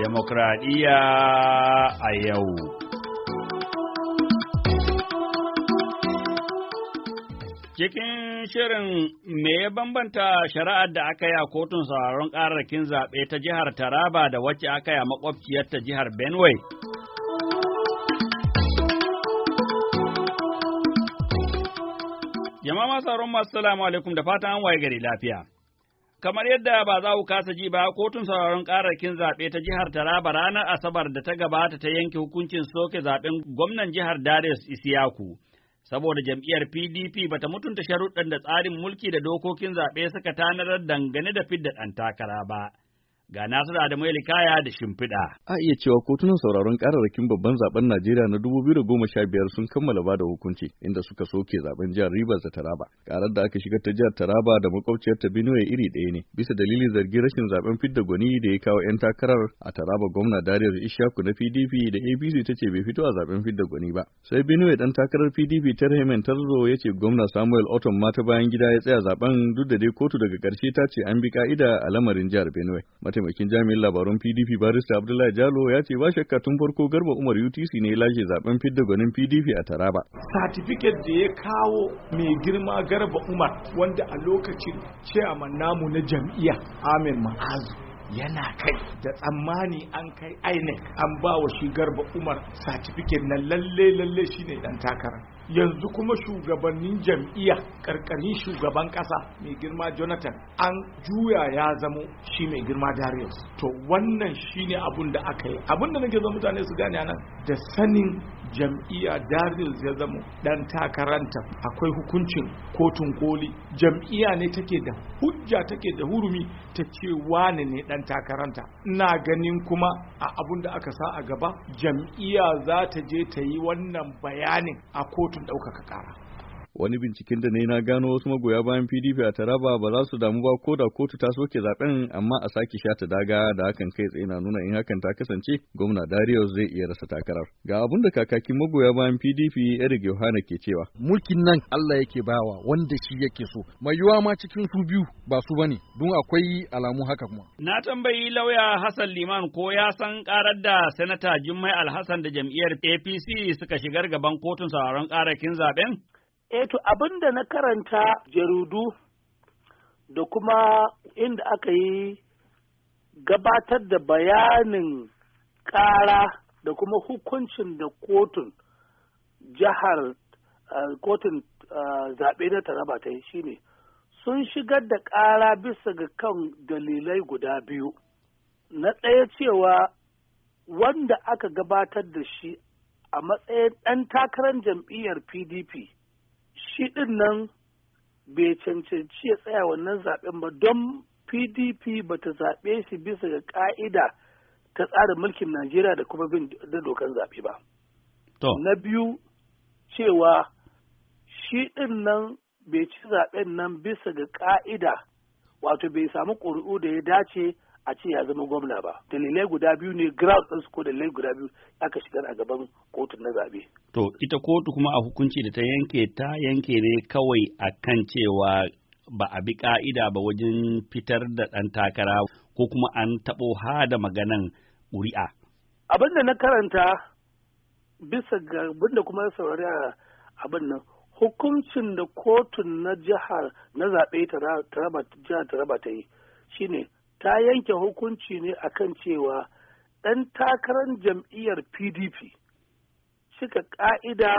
demokradiyya a yau. Cikin shirin me ya bambanta shari'ar da aka yi a kotun sauraron ƙararrakin zaɓe ta jihar Taraba da wacce aka yi a ta jihar Benue. Jama'a masu sauraron masu salamu alaikum da fatan an waye gari lafiya. Kamar yadda ba za ku kasa ji ba, kotun sauraron ƙararrakin zaɓe ta jihar Taraba ranar Asabar da ta gabata ta yanke hukuncin soke zaɓen gwamnan jihar Darius Isiyaku. Saboda jam'iyyar PDP bata mutunta sharuɗɗan da tsarin mulki da dokokin zaɓe suka tanarar dangane da fidda ɗan takara ba. Ga Nasiru Adamu Elikaya da Shimfiɗa. A iya cewa kotunan sauraron kararrakin babban zaben Najeriya na da sha biyar sun kammala bada hukunci inda suka soke zaben jihar Rivers da Taraba. Karar da aka shigar ta jihar Taraba da makwabciyar ta Benue iri ɗaya ne bisa dalilin zargin rashin zaben fidda gwani da ya kawo 'yan takarar a Taraba gwamna Dariyar Ishaku na PDP da APC ta ce bai fito a zaben fidda gwani ba. Sai Benue ɗan takarar PDP ta Terhemen Tarzo ya ce gwamna Samuel Otom ma ta bayan gida ya tsaya zaben duk da dai kotu daga ƙarshe ta ce an bi ka'ida a lamarin jihar Benue. Mata mataimakin jami'in labarun PDP barista Abdullahi Jalo ya ce ba shakka tun farko Garba Umar UTC ne ya lashe zaben fidda gwanin PDP a Taraba. Satifiket da ya kawo mai girma Garba Umar wanda a lokacin ciyaman namu na jam'iyya Amin Ma'azu yana kai da tsammani an kai INEC an ba wa shi garba umar satifiket na lalle lalle shine dan takara yanzu kuma shugabannin jam'iyya karkarin shugaban kasa mai girma jonathan an juya ya zamo shi mai girma darius to wannan shine abun da aka yi abun da nake zo mutane su gane nan da sanin jam'iyya dazil ya zama dan takaranta akwai hukuncin kotun koli jam'iyya ne take da hujja take da hurumi ta ce wane ne dan takaranta ina ganin kuma a abun da aka sa a gaba jam'iyya za ta je ta yi wannan bayanin a kotun ɗaukaka ƙara Wani binciken da na gano wasu magoya bayan PDP a Taraba ba za su damu ba ko da kotu ta soke zaben amma a sake shata daga da hakan kai tsaye na nuna in hakan ta kasance gwamna Darius zai iya rasa takarar. Ga abun da kakakin magoya bayan PDP Eric Yohana ke cewa. Mulkin nan Allah yake bawa wanda shi yake so. Mai yiwa ma cikin su biyu ba su ba ne, don akwai alamu haka kuma. Na tambayi lauya Hassan Liman ko ya san karar da Sanata Jummai Alhassan da jam'iyyar APC suka shigar gaban kotun sauraron karakin zaben? Eto eh, abin da na karanta jaridu da kuma inda aka yi gabatar da bayanin ƙara da kuma hukuncin da kotun jihar eh, kotun eh, zaɓe na taraba ta yi shine sun shigar da ƙara bisa ga kan dalilai guda biyu na ɗaya cewa wanda aka gabatar da shi a matsayin ɗan takarar jam'iyyar pdp shi ɗin nan bai cancanci ya tsaya wannan zaɓen ba don pdp ba ta zaɓe shi bisa ga ƙa'ida ta tsarin mulkin najeriya da kuma bin da dokan zaɓe ba na biyu cewa shi ɗin nan bai ci zaɓen nan bisa ga ƙa'ida wato bai samu ƙuri'u da ya dace a ce ya zama gwamna ba dalilai guda biyu ne ɗin ko dalilai guda biyu aka shigar a gaban kotun na zabe to ita kotu kuma a hukunci da ta yanke ta yanke ne kawai a kan cewa ba a bi ka'ida ba wajen fitar da ɗan takara ko kuma an taɓo hada maganan ƙuri'a. Abin da na karanta bisa ga abin da kuma saurari a abin nan hukuncin da kotun na jihar na zaɓe ta raba ta yi shine ta yanke hukunci ne akan cewa ɗan takarar jam'iyyar pdp cika ƙa'ida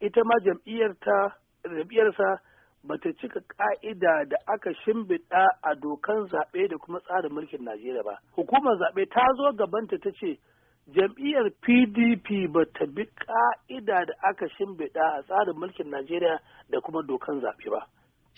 ita ma jam'iyyarsa ba ta cika ƙa'ida da aka shimbiɗa a dokan zaɓe da kuma tsarin mulkin najeriya ba hukumar zaɓe ta zo gabanta ta ce jam'iyyar pdp ba ta bi ƙa'ida da aka shimbiɗa a tsarin mulkin najeriya da kuma dokan zaɓe ba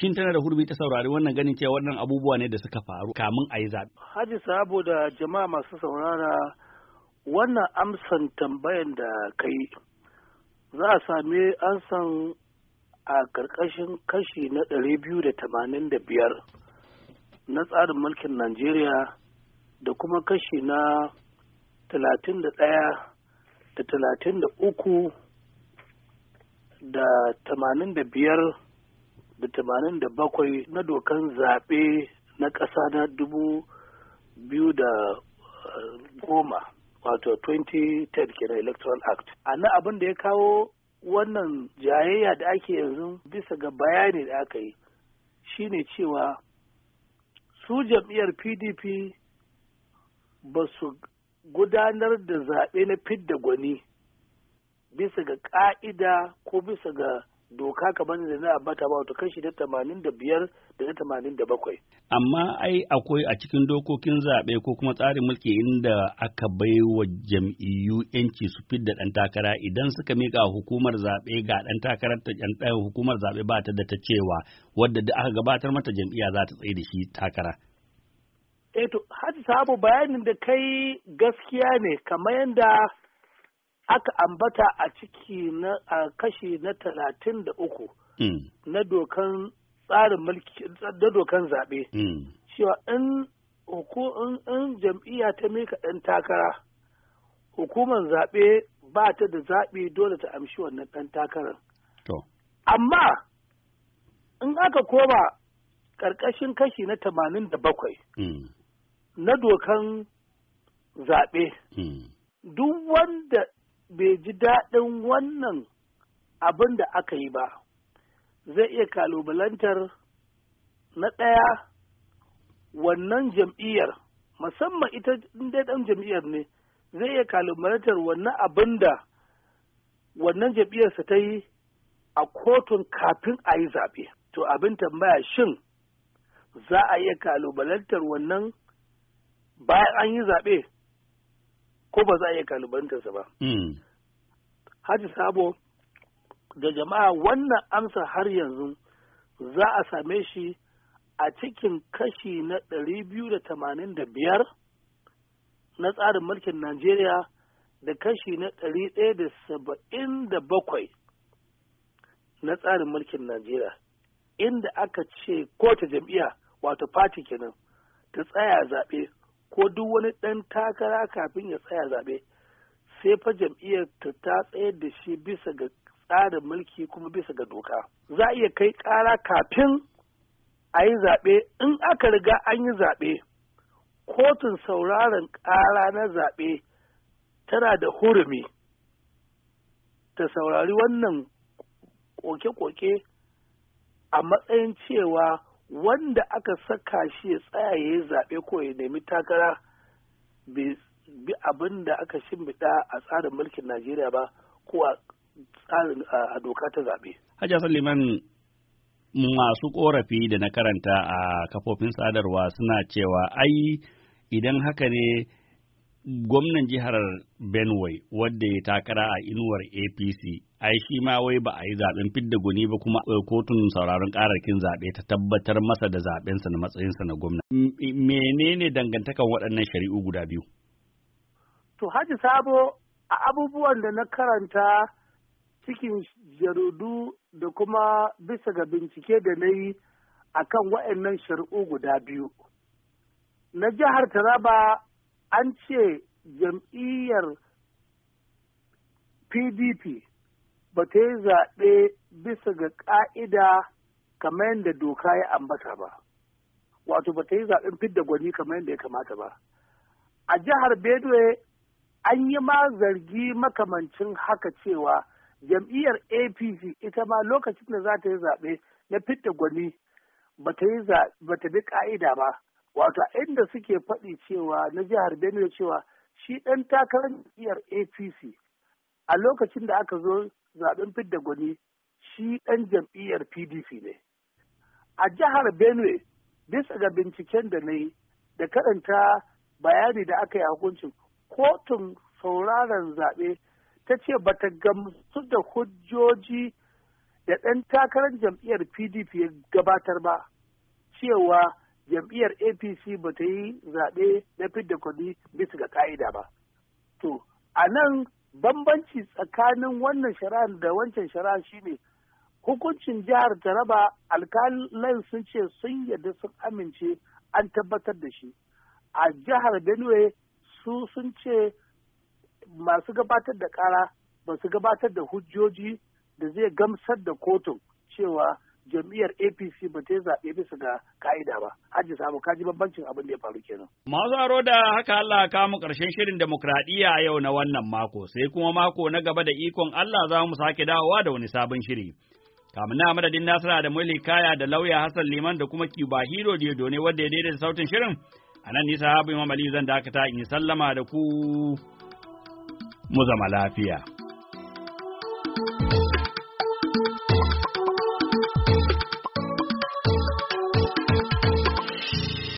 shin tana da hurbi ta saurari wannan ganin cewa wannan abubuwa ne da suka faru kamun a yi zaɓe. Haji sabo da jama'a masu saurara wannan amsan tambayan da ka yi, za a same san a ƙarƙashin kashi na ɗari biyu da tamanin da biyar na tsarin mulkin Najeriya da kuma kashi na talatin da ɗaya da talatin da uku da tamanin da biyar da tamanin da bakwai na dokan zaɓe na ƙasa na dubu biyu da eh, goma wato 2010 kenan electoral act a na abin da ya kawo wannan jayayya da ake yanzu bisa ga bayani da aka yi shine cewa su jam'iyyar pdp ba su gudanar da zaɓe na fidda gwani bisa ga ƙa'ida ko bisa ga doka kamar da na ambata ba wato kashi na tamanin da biyar da na tamanin da bakwai. Amma ai akwai a cikin dokokin zaɓe ko kuma tsarin mulki inda aka bai wa jam'iyyu yanci su fidda ɗan takara idan suka miƙa hukumar zaɓe ga ɗan takarar ta ɗan hukumar zaɓe ba ta da ta cewa wadda da aka gabatar mata jam'iyya za ta tsaye da shi takara. Eh to, Hajji Sabo bayanin da kai gaskiya ne kamar yadda aka ambata a ciki na a kashi na talatin da uku mm. na dokan tsarin mulki na dokan zaɓe mm. cewa in in jam'iyya ta mika ɗan takara hukumar zaɓe ba ta da zaɓe dole ta amshi wannan ɗan takarar. Amma in aka koma ƙarƙashin kashi na tamanin da bakwai mm. na dokan zaɓe duk wanda bai ji daɗin wannan abin da aka yi ba zai iya kalubalantar na ɗaya wannan jam'iyyar musamman ita dai ɗan jam'iyyar ne zai iya kalubalantar wannan abin da wannan jam'iyyarsa ta yi a kotun kafin a yi zaɓe to abin tambaya shin za a iya kalubalantar wannan bayan an yi zaɓe ko ba za a iya kalubalantarsa ba. Hmm. Haji Sabo da jama'a wannan amsa har yanzu za a same shi a cikin kashi na ɗari biyu da tamanin da biyar na tsarin mulkin Najeriya da kashi na ɗari ɗaya da saba'in da bakwai na tsarin mulkin Najeriya inda aka ce kowace jam'iyya wato fati kenan ta tsaya zaɓe ko duk wani ɗan takara kafin ya tsaya zaɓe sai fa jam'iyyar ta ta tsayar da shi bisa ga tsarin mulki kuma bisa ga doka za a iya kai ƙara kafin a yi zaɓe in aka riga an yi zaɓe kotun sauraron ƙara na zaɓe tana da hurumi ta saurari wannan koke-koke a matsayin cewa wanda aka saka shi ya tsaya ya yi zaɓe ko ya nemi takara bi abin da aka shimbiɗa a tsarin mulkin Najeriya ba ko a tsarin a doka ta zaɓe. Hajji Hassan masu ƙorafi da na karanta a kafofin sadarwa suna cewa ai idan haka ne gwamnan jihar Benue wadda ya takara a inuwar APC ai shi ma wai ba a yi zaben fidda guni ba kuma eh, kotun sauraron kararkin zaɓe ta tabbatar masa da zaɓensa na matsayinsa na gwamna. Menene dangantakan waɗannan shari'u guda biyu? To Haji Sabo a abubuwan da na karanta cikin jaridu da kuma bisa ga bincike da na yi akan waɗannan shari'u guda biyu. Na jihar Taraba an ce jam'iyyar pdp ba ta yi zaɓe bisa ga ƙa'ida kamar yadda doka ya ambata ba wato ba ta yi zaɓen fidda gwani kamar yadda ya kamata ba a jihar benue an yi ma zargi makamancin haka cewa jam'iyyar apc ita ma lokacin da za ta yi zaɓe na fidda gwani ba ta bi ƙa'ida ba wato inda suke faɗi cewa na jihar benue cewa shi ɗan takarar jihar apc a lokacin da aka zo zaɓen fidda gwani shi ɗan jam'iyyar pdp ne a jihar benue bisa ga binciken da na yi da karanta bayani da aka yi a hukuncin kotun sauraron zaɓe ta ce ba ta gamsu da hujjoji da ɗan takarar jam'iyyar pdp ya gabatar ba cewa jam'iyyar apc ba ta yi zaɓe na fidda kuɗi bisa ga ƙa'ida ba to a nan bambanci tsakanin wannan shari'ar da wancan shari'ar shine hukuncin jihar taraba alkalan sun ce sun yarda sun amince an tabbatar da shi a jihar benue su sun ce masu gabatar da ƙara ba su gabatar da hujjoji da zai gamsar da kotun cewa jam'iyyar apc ba ta zaɓe bisa ga ka'ida ba haji samu kaji bambancin abin da ya faru kenan. masu aro da haka allah ka mu ƙarshen shirin demokradiyya a yau na wannan mako sai kuma mako na gaba da ikon allah za mu sake dawowa da wani sabon shiri. kamun na madadin nasara da mulki kaya da lauya hassan liman da kuma kiba hiro da ne wanda ya daidaita sautin shirin a nan nisa habu imam zan dakata in sallama da ku mu zama lafiya.